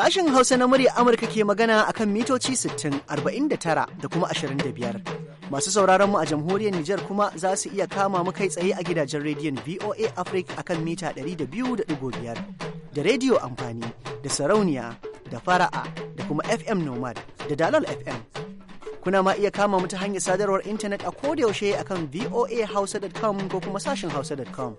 Sashen Hausa na murya Amurka ke magana a kan mitoci 60, 49 da kuma 25. Masu sauraron mu a jamhuriyar Nijar kuma za su iya kama mu kai tsaye a gidajen rediyon VOA Africa a kan mita 200.5 da rediyo amfani da sarauniya da fara'a da kuma FM Nomad da Dalal FM. Kuna ma iya kama mu ta hanyar sadarwar intanet a kodayaushe a kan voahausa.com ko kuma sashen hausa.com.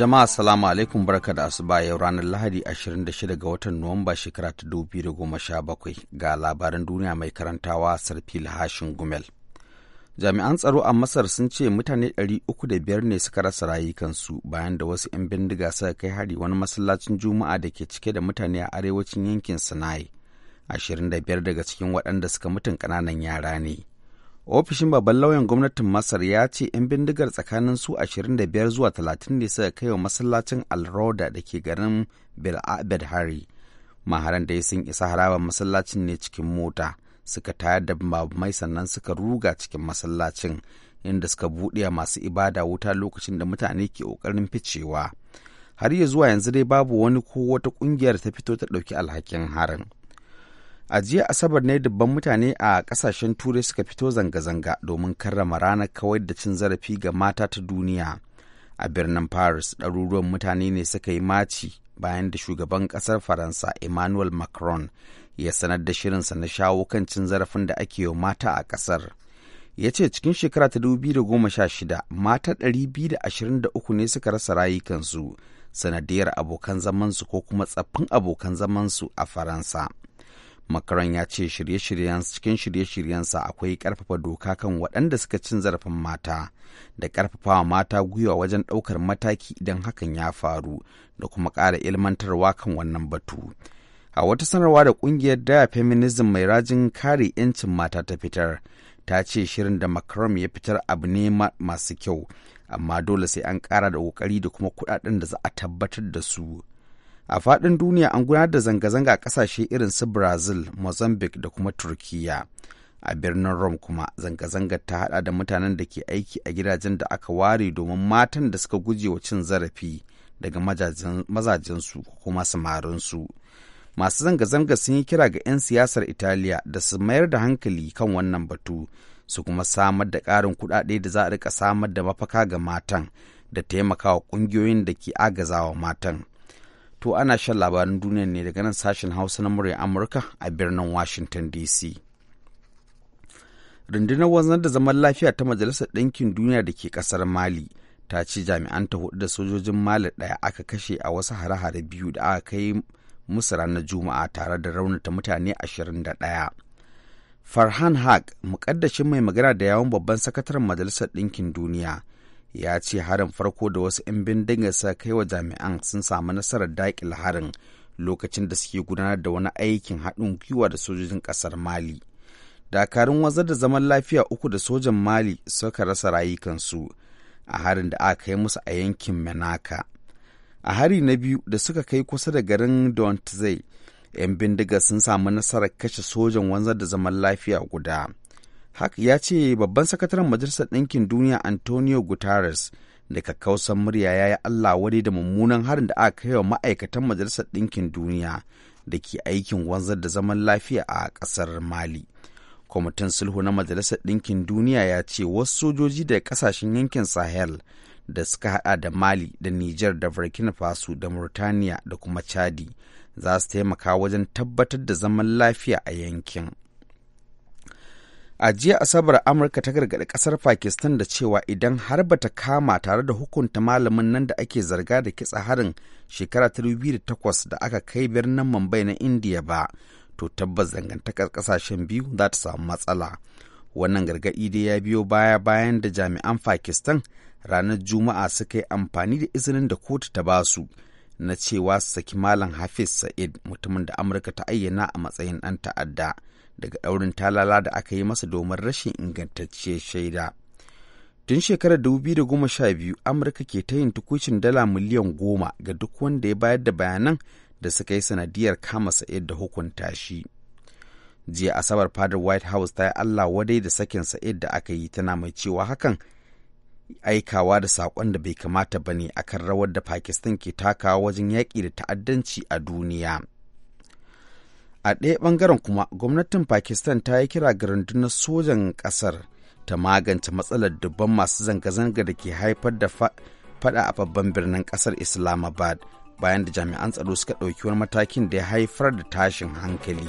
Jama'a salamu alaikum barka da asuba yau ranar Lahadi 26 ga watan Nuwamba shekara ta 2017 ga labaran duniya mai karantawa Sarfil Hashin Gumel. Jami'an tsaro a Masar sun ce mutane 305 ne suka rasa rayukansu bayan da wasu 'yan bindiga suka kai hari wani masallacin Juma'a da ke cike da mutane a arewacin yankin Sinai. 25 daga cikin waɗanda suka mutun ƙananan yara ne. ofishin babban lauyan gwamnatin masar ya ce 'yan bindigar tsakanin su 25 zuwa 30 ne suka kai wa masallacin alroda da ke garin bil abed hari maharan da sun isa harabar masallacin ne cikin mota suka tayar da mai sannan suka ruga cikin masallacin inda suka buɗe masu ibada wuta lokacin da mutane ke ƙoƙarin ficewa har zuwa yanzu dai babu wani ko wata ƙungiyar ta fito ta ɗauki alhakin harin A jiya Asabar ne dubban mutane a kasashen Turai suka fito zanga-zanga domin karrama ranar kawai da cin zarafi ga mata ta duniya. A birnin Paris, ɗaruruwan mutane ne suka yi maci bayan da shugaban ƙasar Faransa Emmanuel Macron ya sanar da shirinsa na shawo kan cin zarafin da ake yi mata a ƙasar. Ya ce cikin shekara ta 2016 mata 223 ne suka rasa rayukansu sanadiyar abokan zamansu ko kuma tsaffin abokan zamansu a Faransa. Macron ya ce shirye-shiryen cikin shirye-shiryensa akwai karfafa doka kan waɗanda suka cin zarafin mata da ƙarfafawa mata gwiwa wajen ɗaukar mataki idan hakan ya faru da kuma ƙara ilmantarwa kan wannan batu. A wata sanarwa da ƙungiyar Daya Feminism mai rajin kare 'yancin mata ta fitar, ta ce shirin da Macron ya fitar abu ne masu kyau, amma dole sai an ƙara da ƙoƙari da kuma kuɗaɗen da za a tabbatar da su a faɗin duniya an gudanar da zanga-zanga a ƙasashe irin su brazil mozambique da kuma turkiya a birnin rom kuma zanga zanga ta hada da mutanen da ke aiki a gidajen da aka ware domin matan da suka guje wa cin zarafi daga mazajensu ko kuma samarinsu masu zanga-zanga sun yi kira ga 'yan siyasar italiya da su mayar da hankali kan wannan batu su kuma samar da ƙarin kuɗaɗe da za a rika samar da mafaka ga matan da taimakawa ƙungiyoyin da ke agazawa matan To ana shan labaran duniya ne daga nan sashen Hausa na murya Amurka a birnin Washington DC. Rundunar wanzar da zaman lafiya ta Majalisar Ɗinkin Duniya da ke ƙasar Mali ta ce ta hudu da sojojin Mali ɗaya aka kashe a wasu hare-hare biyu da aka kai musu ranar Juma'a tare da raunata mutane ashirin da ɗaya. Farhan Haq, mukaddashin mai magana da yawon babban sakataren Majalisar Ɗinkin Duniya, ya ce harin farko da wasu 'yan bindiga sa kai wa jami'an sun samu nasarar daƙil harin lokacin da suke gudanar da wani aikin haɗin gwiwa da sojojin ƙasar mali dakarun wazar da zaman lafiya uku da sojan mali suka rasa rayukansu a harin da aka kai musu a yankin menaka a hari na biyu da suka kai kusa da garin dontzai 'yan bindiga sun samu nasarar kashe sojan wanzar da zaman lafiya guda Hak ya ce babban sakataren Majalisar Ɗinkin Duniya Antonio Guterres da kakkausan murya ya yi Allah wani da mummunan harin da aka kai wa ma'aikatan Majalisar Ɗinkin Duniya da ke aikin wanzar da zaman lafiya a ƙasar Mali. Kwamitin sulhu na Majalisar Ɗinkin Duniya ya ce wasu sojoji da ƙasashen yankin Sahel da suka haɗa da Mali da Nijar da Burkina Faso da Murtaniya da kuma Chadi za su taimaka wajen tabbatar da zaman lafiya a yankin. A jiya Asabar Amurka ta gargaɗi ƙasar Pakistan da cewa idan har bata kama tare da hukunta malamin nan da ake zarga da kitsa harin shekara 2008 da aka kai birnin Mumbai na Indiya ba, to tabbas dangantakar ƙasashen biyu za ta samu matsala. Wannan gargaɗi dai ya biyo baya bayan da jami'an Pakistan ranar Juma'a suka yi amfani da izinin da kotu ta basu na cewa saki Malam Hafiz Sa'id mutumin da Amurka ta ayyana a matsayin ɗan ta'adda. daga ɗaurin talala da aka yi masa domin rashin ingantacciyar shaida. Tun shekarar 2012 Amurka ke ta yin tukucin dala miliyan goma ga duk wanda ya bayar da bayanan da suka yi sanadiyar kama Sa'id da hukunta shi. Jiya Asabar fadar White House ta yi Allah wadai da sakin Sa'id da aka yi tana mai cewa hakan aikawa da saƙon da bai kamata ba ne akan rawar da Pakistan ke takawa wajen yaƙi da ta'addanci a duniya. a ɗaya ɓangaren kuma gwamnatin pakistan ta yi kira ga rundunar sojan ƙasar ta magance matsalar dubban masu zanga-zanga da ke haifar da faɗa a babban birnin ƙasar islamabad bayan da jami'an tsaro suka ɗauki wani matakin da ya haifar da tashin hankali.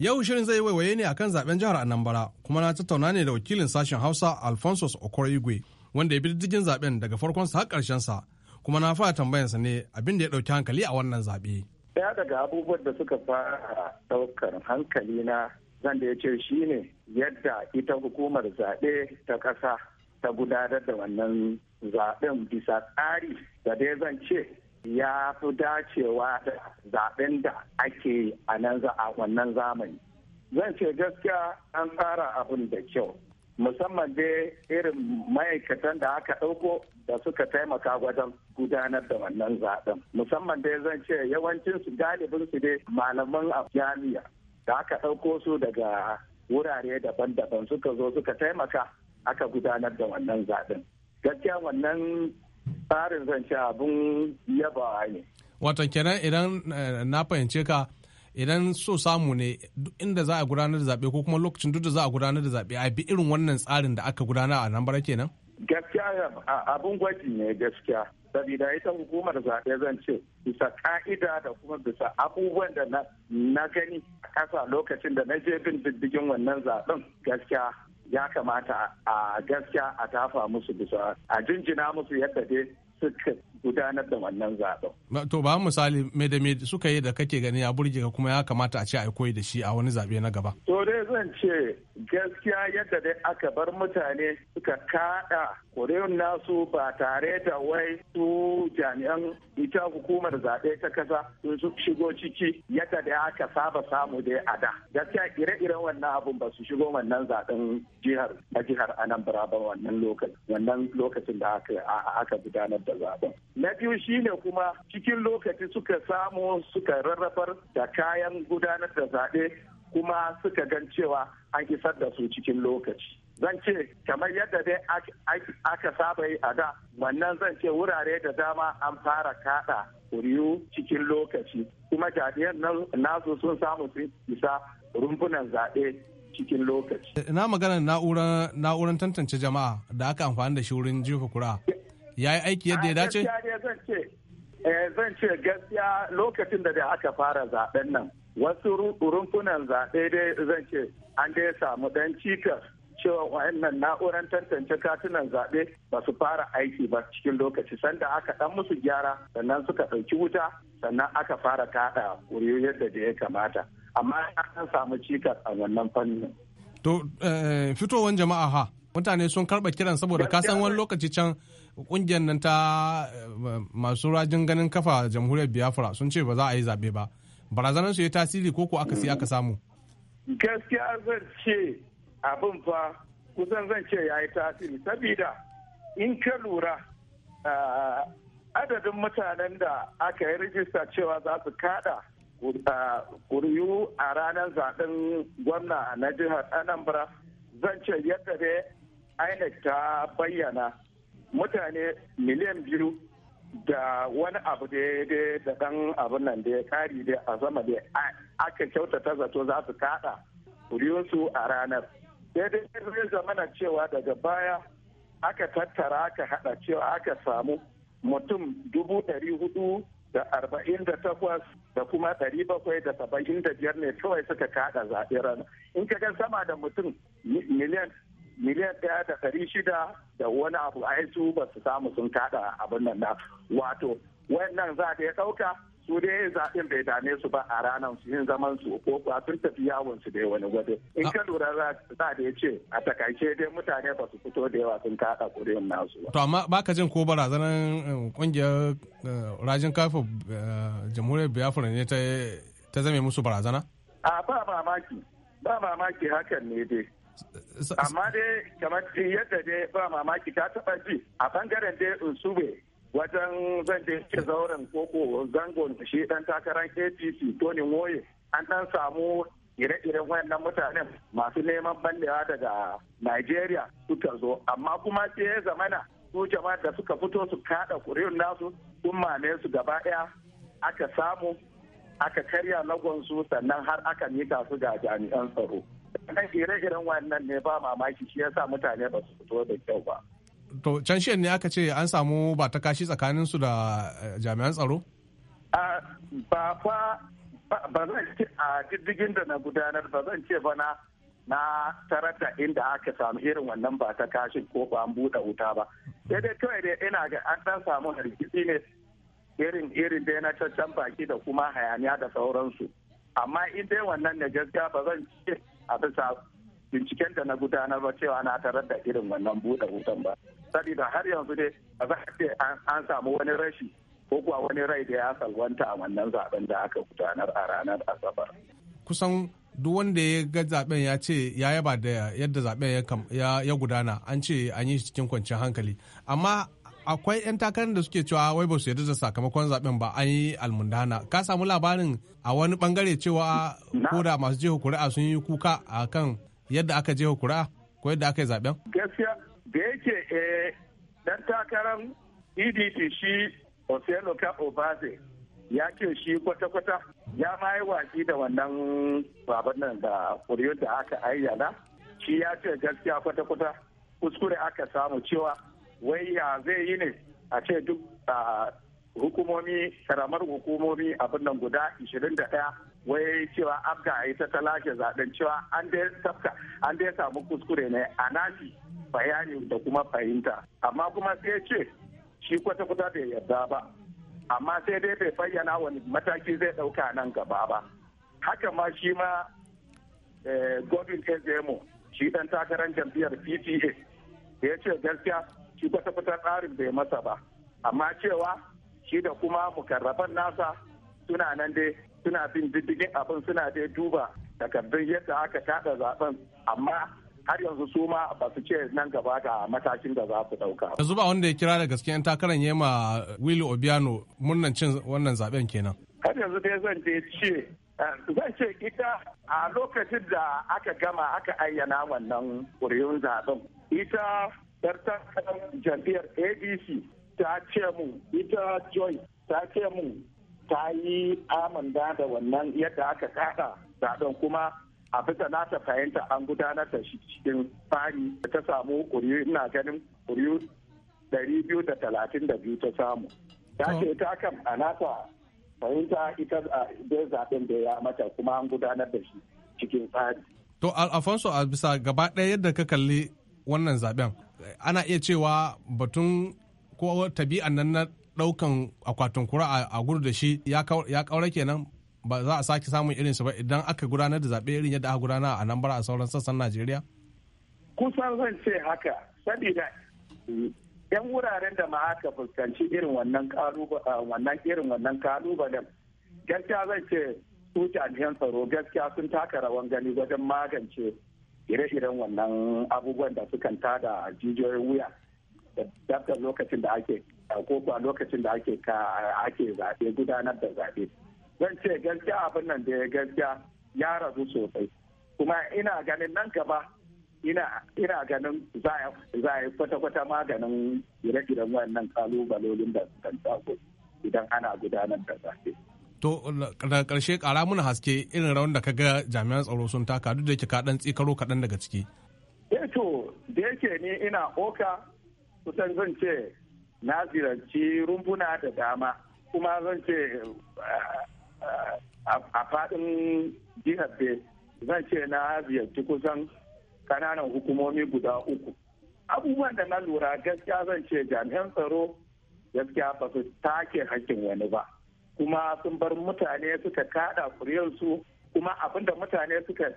Yau shirin zai waiwaye ne akan zaben jihar Anambra kuma na tattauna ne da wakilin sashen Hausa Alphonsus Okoro Igwe wanda ya bi diddigin zaben daga farkon sa har karshen sa kuma na fara sa ne abin da ya dauki hankali a wannan zabe. Daya daga abubuwan da suka fara daukar hankali na zan da ya ce shine yadda ita hukumar zaɓe ta ƙasa ta gudanar da wannan zaɓen bisa tsari da dai zan ce ya fi dacewa da zaben da ake a nan a wannan zamani zan ce gaskiya an tsara abin da kyau musamman dai irin ma'aikatan da aka ɗauko da suka taimaka wajen gudanar da wannan zaben. musamman dai zan ce yawancinsu su dai malaman a jami'a da aka ɗauko su daga wurare daban-daban suka zo suka taimaka aka gudanar da wannan zaben. gaskiya wannan tsarin zance abin yaba ne. wata kenan idan eh, na fahimce ka idan so samu ne inda za a gudanar da zaɓe ko kuma lokacin duk da za a gudanar da zaɓe a bi irin wannan tsarin da aka gudanar a nan bara kenan? Gaskiya abin gwaji ne gaskiya. Sabida ita hukumar zaɓe zan ce bisa ka'ida da kuma bisa abubuwan da na gani a kasa lokacin da na je bin diddigin wannan zaɓen gaskiya ya kamata a gaskiya a tafa musu bisa a jinjina musu yadda dai suka gudanar da wannan zaɓen. To ba misali me da me suka yi da kake gani ya burge ka kuma ya kamata a ce a koyi da shi a wani zaɓe na gaba. To dai zan ce gaskiya yadda dai aka bar mutane suka kaɗa kuriyun nasu ba tare da wai su jami'an ita hukumar zaɓe ta kasa sun shigo ciki yadda dai aka saba samu dai a da. Gaskiya ire-iren wannan abun ba su shigo wannan zaɓen jihar na jihar Anambra ba wannan lokacin da aka gudanar da zaben na biyu shine kuma cikin lokaci suka samu suka rarrafar da kayan gudanar da zaɓe kuma suka gan cewa an isar da su cikin lokaci zan ce kamar yadda dai aka saba yi a da wannan zan ce wurare da dama an fara kaɗa kuriyu cikin lokaci kuma jami'an nasu sun samu sun isa rumfunan zaɓe cikin lokaci. Na magana na'urar tantance jama'a da aka amfani da shi wurin jefa kura. ya yi aiki yadda ya dace? Eh, zan ce gaskiya lokacin da da aka fara zaben nan wasu rumfunan zaɓe dai zan ce an dai samu ɗan cikas cewa wa'annan na'urar tantance katunan zaɓe ba su fara aiki ba cikin lokaci sanda aka ɗan musu gyara sannan suka ɗauki wuta sannan aka fara kaɗa kuriyu yadda da ya kamata amma an samu cikas a wannan fannin. to eh, fitowar jama'a ha mutane sun karɓa kiran saboda kasan wani lokaci can kungiyar nan ta eh, masu rajin ganin kafa jamhuriyar biafra sun ce ba za a yi zaɓe ba barazanar su ya tasiri ko ko aka aka samu gaskiya zan ce abin fa kusan zan ce ya yi tasiri sabida in ka lura eh, adadin mutanen da aka yi rijista cewa za su kada kuriyu eh, a ranar zaɓen gwamna na jihar anambra zan ce yadda dai inec ta bayyana mutane miliyan biyu da wani abu da da dan abin nan da ya kari da a sama da aka kyautata zato za su kada su a ranar sai dai zai zamana cewa daga baya aka tattara aka haɗa cewa aka samu mutum dubu dari hudu da arba'in da takwas da kuma dari bakwai da saba'in da biyar ne kawai suka kaɗa zaɓe ranar in ka ga sama da mutum miliyan miliyan ɗaya da ɗari shida da wani abu a yanzu ba su samu sun kada abin nan na wato wannan za ta ya ɗauka su dai zaɓen bai dame su ba a ranar su yin zaman su ko ba sun tafi yawon su dai wani gwado in ka lura za da ya ce a takaice dai mutane ba su fito da yawa sun kada ƙuri'un nasu ba. to amma ba ka jin ko barazanar eh, ƙungiyar eh, rajin kafa eh, jamhuriyar biafra ne ta zame musu barazana. a ba mamaki ba mamaki hakan ne dai amma dai kamar yadda dai ba mamaki ta taba ji a bangaren dai sube wajen zan da ke zauren koko zangon shi dan takarar apc tony moye an dan samu ire-iren wayannan mutanen masu neman ballewa daga nigeria suka zo amma kuma sai ya zamana su jama'a da suka fito su kada kuriyun nasu sun mame su gaba ɗaya aka samu aka karya lagonsu sannan har aka mika su ga jami'an tsaro ire irin wannan ne ba mamaki shi yasa mutane ba su fito da kyau ba. To can shi ne aka ce an samu ba ta kashi tsakanin su da eh, jami'an tsaro? Ba fa ba zan ce a diddigin da na gudanar ba zan ce ba na na tarata inda aka samu irin wannan ba ta kashi ko ba an buɗe wuta ba. Sai dai kawai dai ina ga an ɗan samu hargitsi ne irin irin dai na can baki da kuma hayaniya da sauransu. Amma in dai wannan ne gaskiya ba zan ce a bisa binciken da na gudanar ba cewa na tarar da irin wannan buɗe wutan ba saboda har yanzu dai ba za a ce an samu wani rashi ko kuwa wani rai da ya salwanta a wannan zaben da aka gudanar a ranar asabar kusan duk wanda ya ga zaben ya ce ya yaba da yadda zaben ya gudana an ce an yi cikin kwanciyar hankali amma akwai 'yan takarar da suke cewa wai ba su yarda da sakamakon zaben ba an yi almundana ka samu labarin a wani bangare cewa ko da masu jeho kuri'a sun yi kuka a kan yadda aka jeho kuri'a ko yadda aka yi zaben gaskiya da yake dan eh, takarar pdp shi ka obaze ya ce shi kwata-kwata ya ma yi da wannan baban nan da kuriyar da aka ayyana shi ya ce gaskiya kwata-kwata kuskure aka samu cewa wai ya zai yi ne a ce duk hukumomi karamar hukumomi abin nan guda 21 wai cewa afga a yi ta talake zaɓen cewa an dai tafka an dai samu kuskure ne a nashi bayani da kuma fahimta amma kuma sai ce shi kwata-kwata bai yarda ba amma sai dai bai bayyana wani mataki zai ɗauka nan gaba ba haka ma shi ma eh, godwin ezemo shi ɗan takarar jam'iyyar pta ya ce gaskiya shi kwata-kwata tsarin bai masa ba amma cewa shi da kuma mukarrafan nasa suna nan dai suna bin diddigin abin suna dai duba takardun yadda aka kada zaben amma har yanzu su ma ba su ce nan gaba ga matakin da za su dauka. Yanzu ba wanda ya kira da gaske 'yan takarar yema Willy Obiano murnan cin wannan zaben kenan. Har yanzu dai zan je ce eh, zan ce ita a lokacin da aka gama aka ayyana wannan ƙuri'un zaben ita yar takarar jam'iyyar adc ta ce mu ita joy ta ce mu ta yi amanda da wannan yadda aka kada zaben kuma a bisa nata fahimta an gudanar da shi cikin fari ta samu kuriyu ina ganin kuriyu 2.32 ta samu ta ce ta kan a nata fahimta ita da zaben da ya mata kuma an gudanar da shi cikin tsari. To Alfonso a bisa gaba ɗaya yadda ka kalli wannan zaɓen ana iya cewa batun ko tabi'an nan na daukan akwatin kura a gudu da shi ya kaura kenan ba za a sake samun irinsu ba idan aka gudanar da zaɓe irin yadda aka gudana a nan bara a sauran sassan Najeriya? Kusan zan ce haka, saboda yan wuraren da ma aka fuskanci irin wannan wannan irin wannan kalubalen gaskiya zan ce su jami'an tsaro gaskiya sun taka rawan gani wajen magance ire-iren wannan abubuwan da sukan tada jijiyoyin wuya da lokacin da ake ko kuwa lokacin da ake ka ake zaɓe gudanar da zaɓe zan ce gaskiya abin nan da gaskiya ya razu sosai kuma ina ganin nan gaba ina ganin za a yi kwata-kwata maganin ire-iren wannan kalubalolin da sukan idan ana gudanar da zaɓe. To da ƙarshe ƙara muna haske irin rawan da ka ga jami'an tsaro sun taka duk da yake ka ɗan tsikaro kaɗan daga ciki. Eh to da yake ni ina oka kusan zan ce na ziyarci rumbuna da dama kuma zan ce a faɗin jihar be zan ce na ziyarci kusan kananan hukumomi guda uku abubuwan da na lura gaskiya zan ce jami'an tsaro gaskiya ba su take hakkin wani ba kuma sun bar mutane suka kada su. kuma abinda mutane suka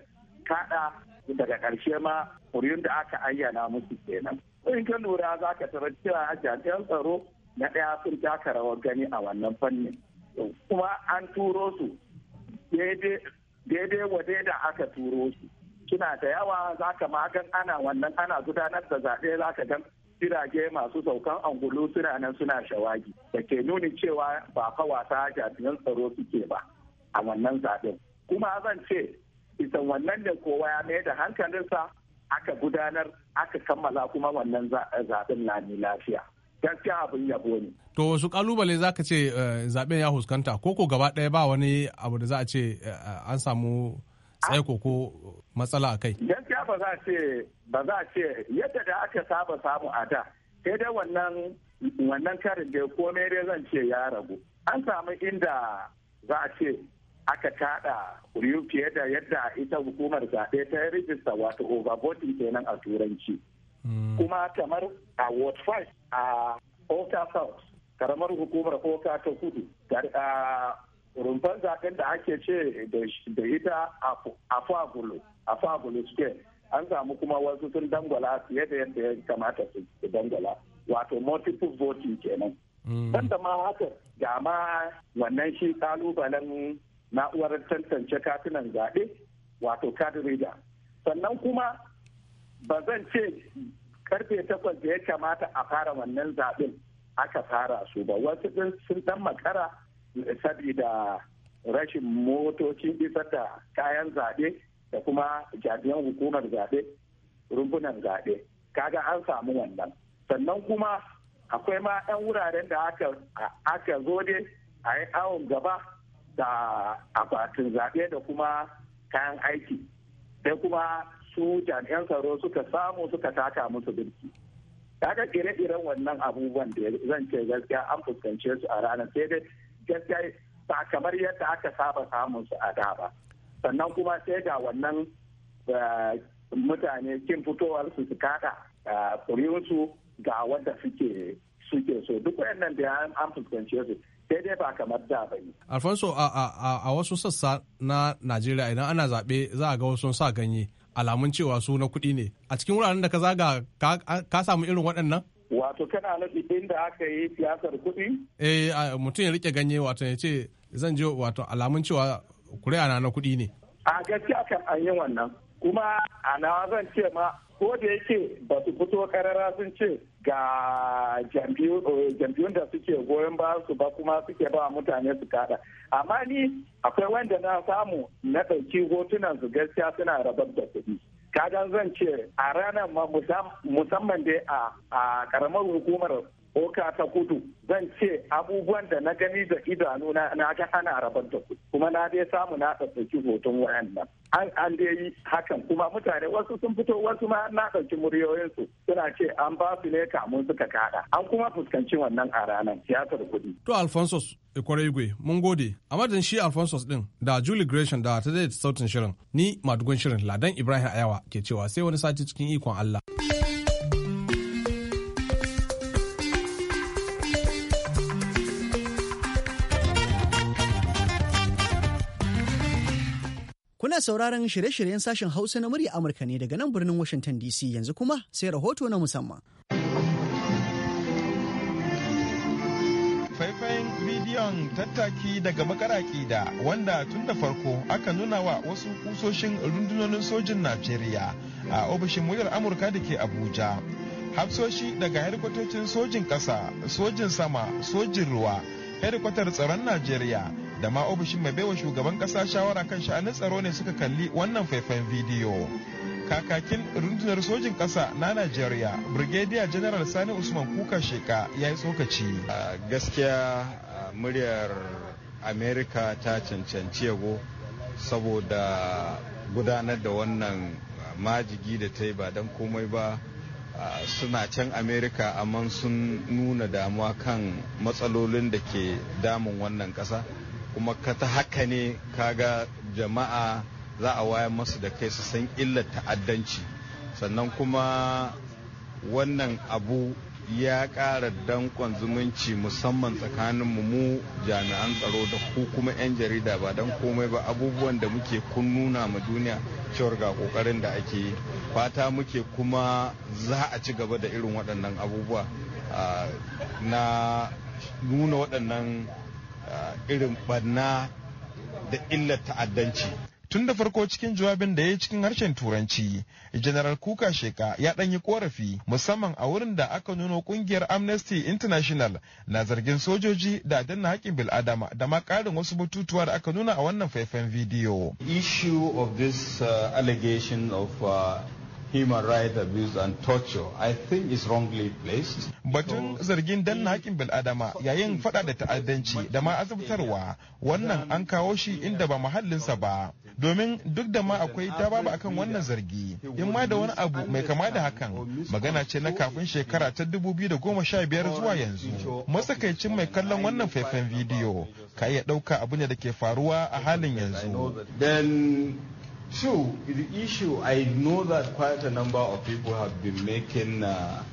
kada daga ƙarshe ma kuriyun da aka ayyana musu kenan in ka lura za ka tarar cewa jami'an tsaro na ɗaya sun taka rawar gani a wannan fannin kuma an turo su daidai wade da aka turo su suna da yawa za ka magan ana wannan ana gudanar da zaɓe za ka gan jirage masu saukan angulu suna nan suna shawagi da ke nuni cewa ba kawata jami'an tsaro suke ba a wannan zaɓen kuma zan ce isan wannan da kowa ya mai da hankalinsa aka gudanar aka kammala kuma wannan eh, zaɓen na ni lafiya gaskiya abin yabo ne to wasu kalubale za ka ce eh, zaɓen ya huskanta ko ko gaba ɗaya ba wani abu da za a ce eh, an samu tsaiko ko matsala a kai ba za ce ba za ce yadda da aka saba samu a da sai dai wannan wannan karin da komai dai zan ce ya ragu an samu inda za a ce aka tada kuriyu fiye da yadda ita hukumar zaɓe ta rijista wato overvoting kenan a turanci hmm. kuma kamar a ward 5 a Oka South karamar hukumar Oka ta kudu rumfar zaɓen da ake ce da ita a fagulo a fagulo square an samu kuma wasu sun dangwala fiye da yadda ya kamata su dangwala wato multiple voting kenan mm. da ma haka ga ma wannan shi kalubalen na'urar tantance katunan zaɓe wato card reader sannan kuma ba zan ce karfe takwas da ya kamata a fara wannan zaɓen aka fara su ba wasu sun dan makara saboda rashin motocin isar da kayan zaɓe da kuma jami'an hukumar zaɓe rumbunan zaɓe kaga an samu wannan sannan kuma akwai ma 'yan wuraren da aka zo dai a yi awon gaba da akwatin zaɓe da kuma kayan aiki sai kuma su jami'an tsaro suka samu suka taka musu birki kaga ire-iren wannan abubuwan da zan ce gaskiya an fuskance su a ranar sai dai gaskiya ba kamar yadda aka saba samun su a da ba sannan kuma sai ga wannan eh, mutane kin fitowar su su kada kuriyunsu eh, ga wanda suke suke so duk wannan da an fuskance su sai dai ba kamar da ba ne. Alfonso a wasu sassa na Najeriya idan ana zaɓe za a ga wasu sa ganye alamun cewa su na kuɗi ne a cikin wuraren da ka zaga ka samu irin waɗannan? Wato kana nufi inda aka yi siyasar kuɗi? Eh mutum ya rike ganye wato ya ce zan je wato alamun cewa kuri'a na na kuɗi ne. A gaskiya kan an yi wannan kuma a nawa zan ce ma ko da yake ba su fito karara sun ce ga eh, jam'iyyun da suke goyon ba su ba kuma suke ba mutane su kada amma ni akwai wanda na samu na ɗauki hotunan su gaskiya suna rabar da kuɗi kagan zan ce a ranar musamman dai a karamar hukumar oka ta kudu zan ce abubuwan da na gani da idanu na ga ana rabar da kuɗi kuma na dai samu na ɗauki hoton wayannan an an dai yi hakan kuma mutane wasu sun fito wasu ma na ɗauki muryoyinsu suna ce an ba su ne kamun suka kada an kuma fuskanci wannan a ranar siyasar kuɗi. to alfonso ikwarai mun gode a madadin shi alfonso din da julie gresham da ta sautin shirin ni madugun shirin ladan ibrahim ayawa ke cewa sai wani sati cikin ikon allah. Ana sauraron shirye-shiryen sashen Hausa na murya Amurka ne daga nan birnin Washington DC yanzu kuma sai rahoto na musamman. Faifayin bidiyon tattaki daga makaraki da wanda tun da farko aka nuna wa wasu kusoshin rundunonin sojin Najeriya a ofishin muryar Amurka da ke Abuja. Hafsoshi daga herkwatocin sojin ƙasa, sojin sama, sojin ruwa, herkwatar tsaron Najeriya. da ma ofishin mai baiwa shugaban kasa shawara kan sha'anin tsaro ne suka kalli wannan faifan bidiyo kakakin rundunar sojin kasa na nigeria brigadier general sani usman kuka sheka ya yi tsokaci gaskiya muryar america ta cancanci yago saboda gudanar da wannan majigi da ta yi ba don komai ba suna can america amma sun nuna damuwa kan matsalolin da ke damun wannan kasa kuma ka ta haka ne ka ga jama'a za a wayar masu da kai su san illar ta'addanci sannan kuma wannan abu ya ƙara dankon zumunci musamman tsakanin mu jami'an tsaro da ku kuma 'yan jarida ba don komai ba abubuwan da muke kun nuna ma duniya cewar ga ƙoƙarin da ake yi fata muke kuma za a ci gaba da irin waɗannan abubuwa ah, na nuna waɗannan Uh, irin barna da illar ta'addanci. Tun da farko cikin jawabin da ya yi cikin harshen Turanci, General Kuka Sheka ya ɗanyi korafi musamman a wurin da aka nuno ƙungiyar Amnesty International na zargin sojoji da danna haƙƙin bil'adama da ma ƙarin wasu batutuwa da aka nuna a wannan faifan bidiyo. Issue of this uh, allegation of uh, human rights abuse and torture I think is wrongly placed. Batun zargin danna haƙƙin bil'adama yayin faɗa da ta'addanci da ma azabtarwa wannan an kawo shi inda ba sa ba domin duk da ma akwai ta babu akan wannan zargi in ma da wani abu mai kama da hakan magana ce na kafin shekara ta 2015 zuwa yanzu matsakaicin mai kallon wannan faifan bidiyo ka iya ɗauka abu ne da ke faruwa a halin yanzu. True, the issue, I know that quite a number of people have been making uh,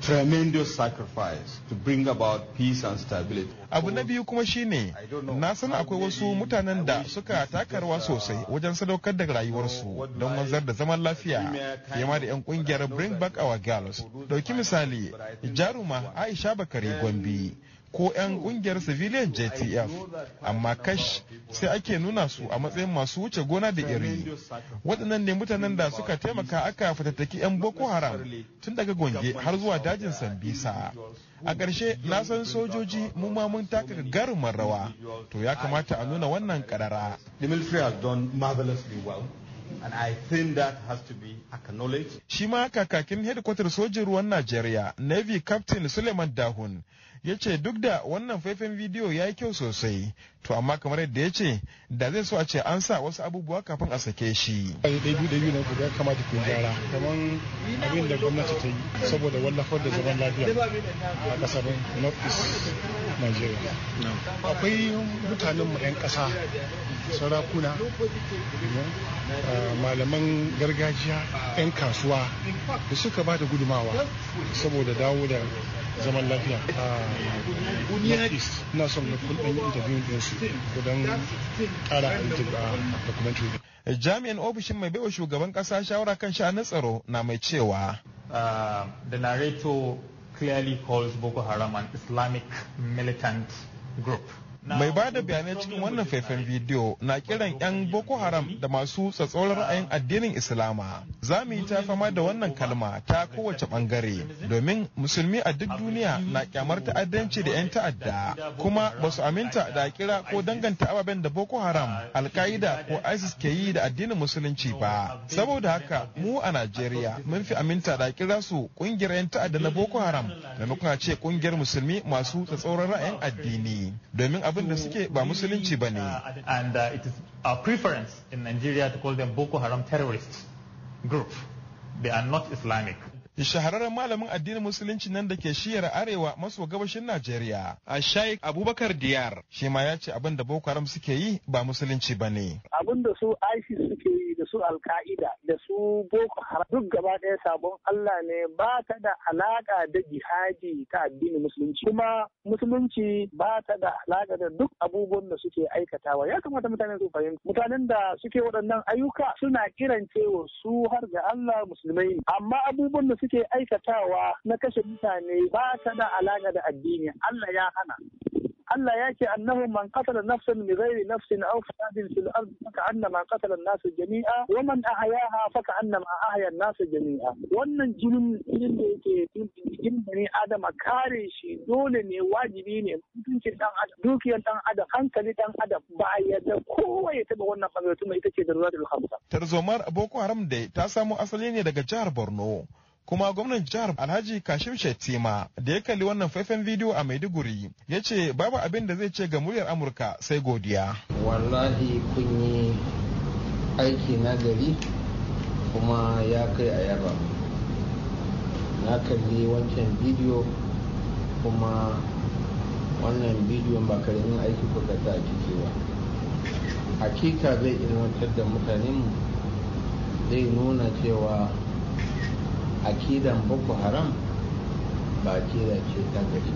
tremendous sacrifice to bring about peace and stability. Abu na biyu kuma shi ne na san akwai wasu mutanen da suka taka rawa uh, sosai wajen sadaukar da rayuwarsu oh, don wanzar da zaman lafiya yama da 'yan kungiyar Bring Back Our Girls. Dauki misali, jaruma Aisha Bakare Gombe. ko 'yan kungiyar civilian jtf amma kash sai ake nuna su a matsayin masu wuce gona da iri waɗannan ne mutanen da suka taimaka aka fitattaki 'yan boko haram tun daga gonge har zuwa dajin sambisa a ƙarshe na san sojoji mu ma mun taka gagarumin rawa to ya kamata a nuna wannan ƙarara And I think that has to be acknowledged. Shi ma kakakin hedikwatar sojin ruwan Najeriya, Navy Captain Suleiman Dahun, ya ce duk da wannan faifan bidiyo ya yi kyau sosai, to amma kamar yadda ya ce, da zai so a ce an sa wasu abubuwa kafin a sake shi. ɗaya biyu ɗai biyu na kuka kamata ku gyara, kamar abin da gwamnati ta yi saboda wallafar da zaman lafiya a kasar North East. najeriya akwai mutanen mu 'yan ƙasa sarakuna eh, malaman gargajiya 'yan kasuwa da suka ba da gudumawa saboda dawo da zaman lafiya a east na son na kudin interview ɗinsu don ƙara a documentary jami'in ofishin mai baiwa shugaban ƙasa shawara kan sha'anin tsaro na mai cewa the ah, narrator clearly calls Boko Haram an Islamic militant group. mai ba da bayanai cikin wannan faifan bidiyo na kiran 'yan boko haram da masu tsatsauran ra'ayin addinin islama za mu yi ta fama da wannan kalma ta kowace bangare domin musulmi a duk duniya na kyamar ta'addanci da 'yan ta'adda kuma ba su aminta da kira ko danganta ababen da boko haram alka'ida ko isis ke yi da addinin musulunci ba saboda haka mu a najeriya mun fi aminta da kira su kungiyar 'yan ta'adda na boko haram maimakon a ce kungiyar musulmi masu tsatsauran ra'ayin addini domin abin abin da suke ba musulunci ba ne uh, and uh, it is our preference in Nigeria to call them Boko Haram terrorist group they are not Islamic shahararren malamin addinin musulunci nan da ke shiyar arewa maso gabashin Najeriya. A Shaikh Abubakar Diyar shi ma ya ce abin da Boko Haram suke yi ba musulunci ba ne. Abin da su ISIS suke yi da su al da su Boko Haram duk gaba ɗaya sabon Allah ne ba ta da alaƙa da jihadi ta addinin musulunci. Kuma musulunci ba ta da alaƙa da duk abubuwan da suke aikatawa. Ya kamata mutane su fahimta. Mutanen da suke waɗannan ayyuka suna kiran cewa su har ga Allah musulmai. Amma abubuwan da suke suke aikatawa na kashe mutane ba ta da alaƙa da addini Allah ya hana Allah ya ce annahu man qatala nafsan min ghairi nafsin aw fasadin fil ard fa annama qatala an-nas jami'a wa man ahyaha fa annama ahya an-nas jami'a wannan jinin jinin da yake cikin bani adam kare shi dole ne wajibi ne mutuncin dan adam dukiyar dan adam hankali dan adam ba a yadda kowa ya taba wannan bangaratu mai ita ce da khamsa tarzomar boko haram da ta samo asali ne daga jihar Borno kuma gwamnan jihar alhaji kashim shettima da ya kalli wannan faifan bidiyo a maiduguri ya ce babu abin da zai ce ga muryar amurka sai godiya wallahi kun yi aiki na gari kuma ya kai a yaba na kalli wancan bidiyo kuma wannan bidiyon ba karamin aiki kuka ta a ciki ba hakika zai ilmantar da mutanenmu zai nuna cewa akidan boko haram ba akida ce ta gashi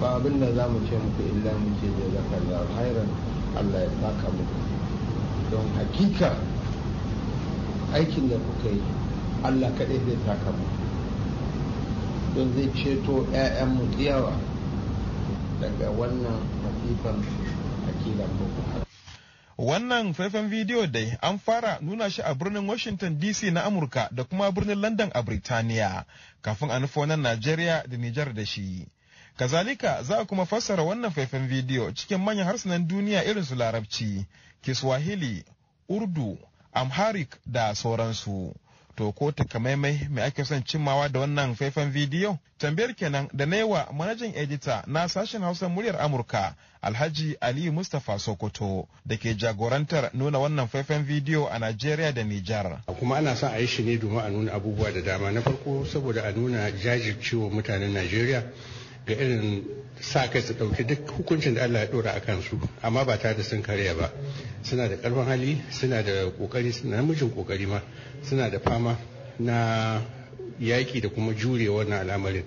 ba abin da za mu ce muku illa mu ce da zakar da alhairan allah ya saka mu. don hakika aikin da kuka yi allah kaɗai zai taka mu don zai ceto 'ya'yan mu daga wannan masifan akidan boko haram Wannan faifan bidiyo dai an fara nuna shi a birnin Washington DC na Amurka da kuma birnin London a Birtaniya kafin a nufi wannan Najeriya da Nijar da shi. Kazalika za a kuma fassara wannan faifan bidiyo cikin manyan harsunan duniya irin su Larabci, Kiswahili, Urdu, Amharic da sauransu. To ko takamaimai me ake son cimmawa da wannan faifan bidiyo? Tambayar kenan da na wa manajan edita na sashen Hausa muryar Amurka Alhaji Ali Mustapha Sokoto da ke jagorantar nuna wannan faifan bidiyo a Najeriya da Nijar. Kuma ana sa a yi shi ne domin a nuna abubuwa da dama. Na farko saboda a nuna jajircewa mutanen Najeriya ga irin sa kai su ɗauki duk hukuncin da Allah ya ɗora a kansu amma ba tare da sun karya ba suna da ƙarfin hali suna da ƙoƙari suna namijin ƙoƙari ma suna da fama na yaƙi da kuma jure wannan al'amarin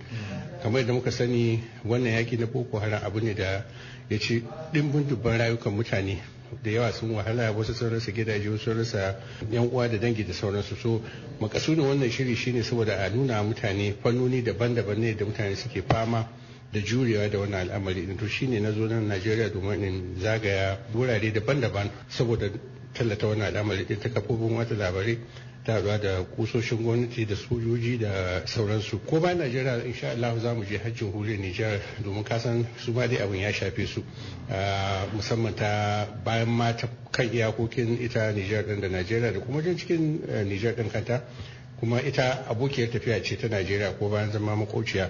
kamar da muka sani wannan yaƙi na boko haram abu ne da ya ci ɗimbin dubban rayukan mutane da yawa sun wahala wasu sun rasa gidaje wasu rasa yan uwa da dangi da sauransu so makasudin wannan shiri shine saboda a nuna mutane fannoni daban-daban ne da mutane suke fama da jurewa da wannan al'amari din to shine na zo nan Najeriya domin in zagaya wurare daban-daban saboda tallata wannan al'amari din ta kafofin wata labarai ta taruwa da kusoshin gwamnati da sojoji da sauransu ko ba najeriya insha Allah za mu je hajjin hulun nijar domin kasan su ba dai abin ya shafe su musamman ta bayan mata kan iyakokin ita nijar din da najeriya da kuma jin cikin eh, nijar din kanta kuma ita abokiyar tafiya ce ta najeriya ko bayan zama makociya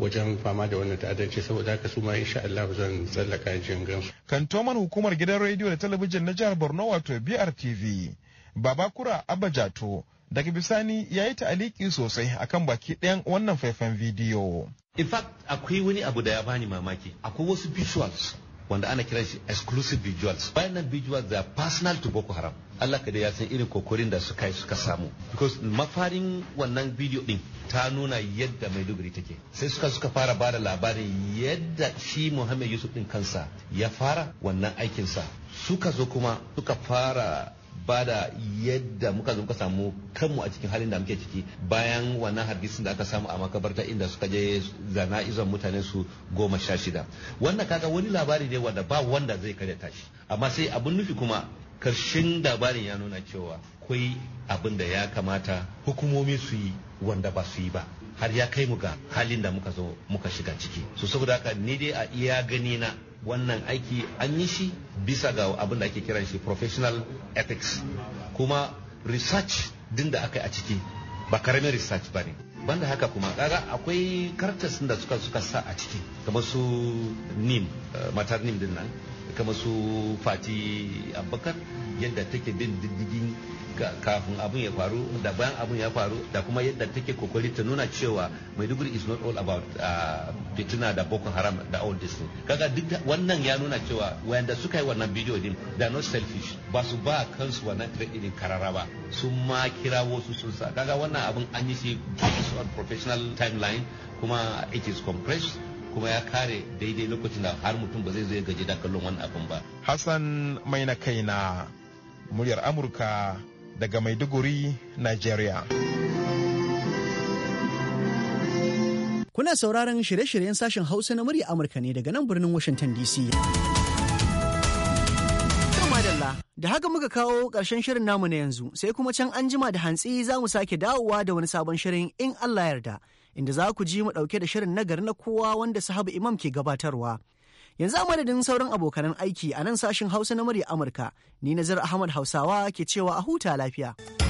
wajen fama da wannan ta'addanci saboda haka su ma insha Allah zan tsallaka jin gansu kantoman hukumar gidan rediyo da talabijin na jihar borno wato brtv babakura abajato daga bisani ya yi ta'aliki sosai akan baki ɗayan wannan faifan bidiyo in fact akwai wani abu da ya bani mamaki akwai wasu visuals wanda ana kiran shi exclusive visuals bayanan visuals da personal to Boko Haram Allah ka ya san irin kokorin da suka yi suka samu because mafarin wannan bidiyo din ta nuna yadda Maiduguri take sai suka suka fara bada labarin yadda shi Muhammad Yusuf din kansa ya fara wannan aikin sa suka zo kuma suka fara ba da yadda muka zo muka samu kanmu a cikin halin da muke ciki bayan wannan hargitsin da aka samu a makabarta inda suka je zana izon mutane su goma sha shida wannan kaga wani labari ne wanda ba wanda zai karyata shi amma sai abin nufi kuma karshen labarin ya nuna cewa kwai abin da ya kamata hukumomi su yi wanda ba su yi ba har ya kai mu ga halin da muka zo muka shiga ciki su saboda haka ni dai a iya gani na wannan aiki an yi shi bisa ga abin da ake kiran shi professional ethics kuma research din da aka yi a ciki ba karamin research ba ne banda haka kuma kaga akwai kartas da suka suka sa a ciki kamar su nim eh, matar nim din nan Kamasu su fati abubakar yadda take bin diddigin kafin abin ya faru da bayan abin ya faru da kuma yadda take kokari ta nuna cewa maiduguri is not all about uh, fitina da boko haram da all this thing kaga duk wannan ya nuna cewa wanda suka yi wannan bidiyo din da not selfish ba su ba kansu wannan irin karara ba su ma kira wasu sun sa kaga wannan abin an yi shi on professional timeline kuma it is compressed kuma ya kare daidai lokacin da har mutum ba zai zo ya gaji da kallon wani abin ba hassan mai na kaina muryar amurka daga maiduguri nigeria Kuna sauraron shirye-shiryen sashen Hausa na murya Amurka ne daga nan birnin Washington DC. Da haka muka kawo ƙarshen shirin namu na yanzu, sai kuma can anjima da hantsi za mu sake dawowa da wani sabon shirin in Allah yarda. inda za ku ji mu ɗauke da shirin nagari na kowa wanda sahabu imam ke gabatarwa. Yanzu a madadin sauran abokanan aiki a nan sashin Hausa na murya Amurka, ni Nazar Ahmad Hausawa ke cewa a huta lafiya.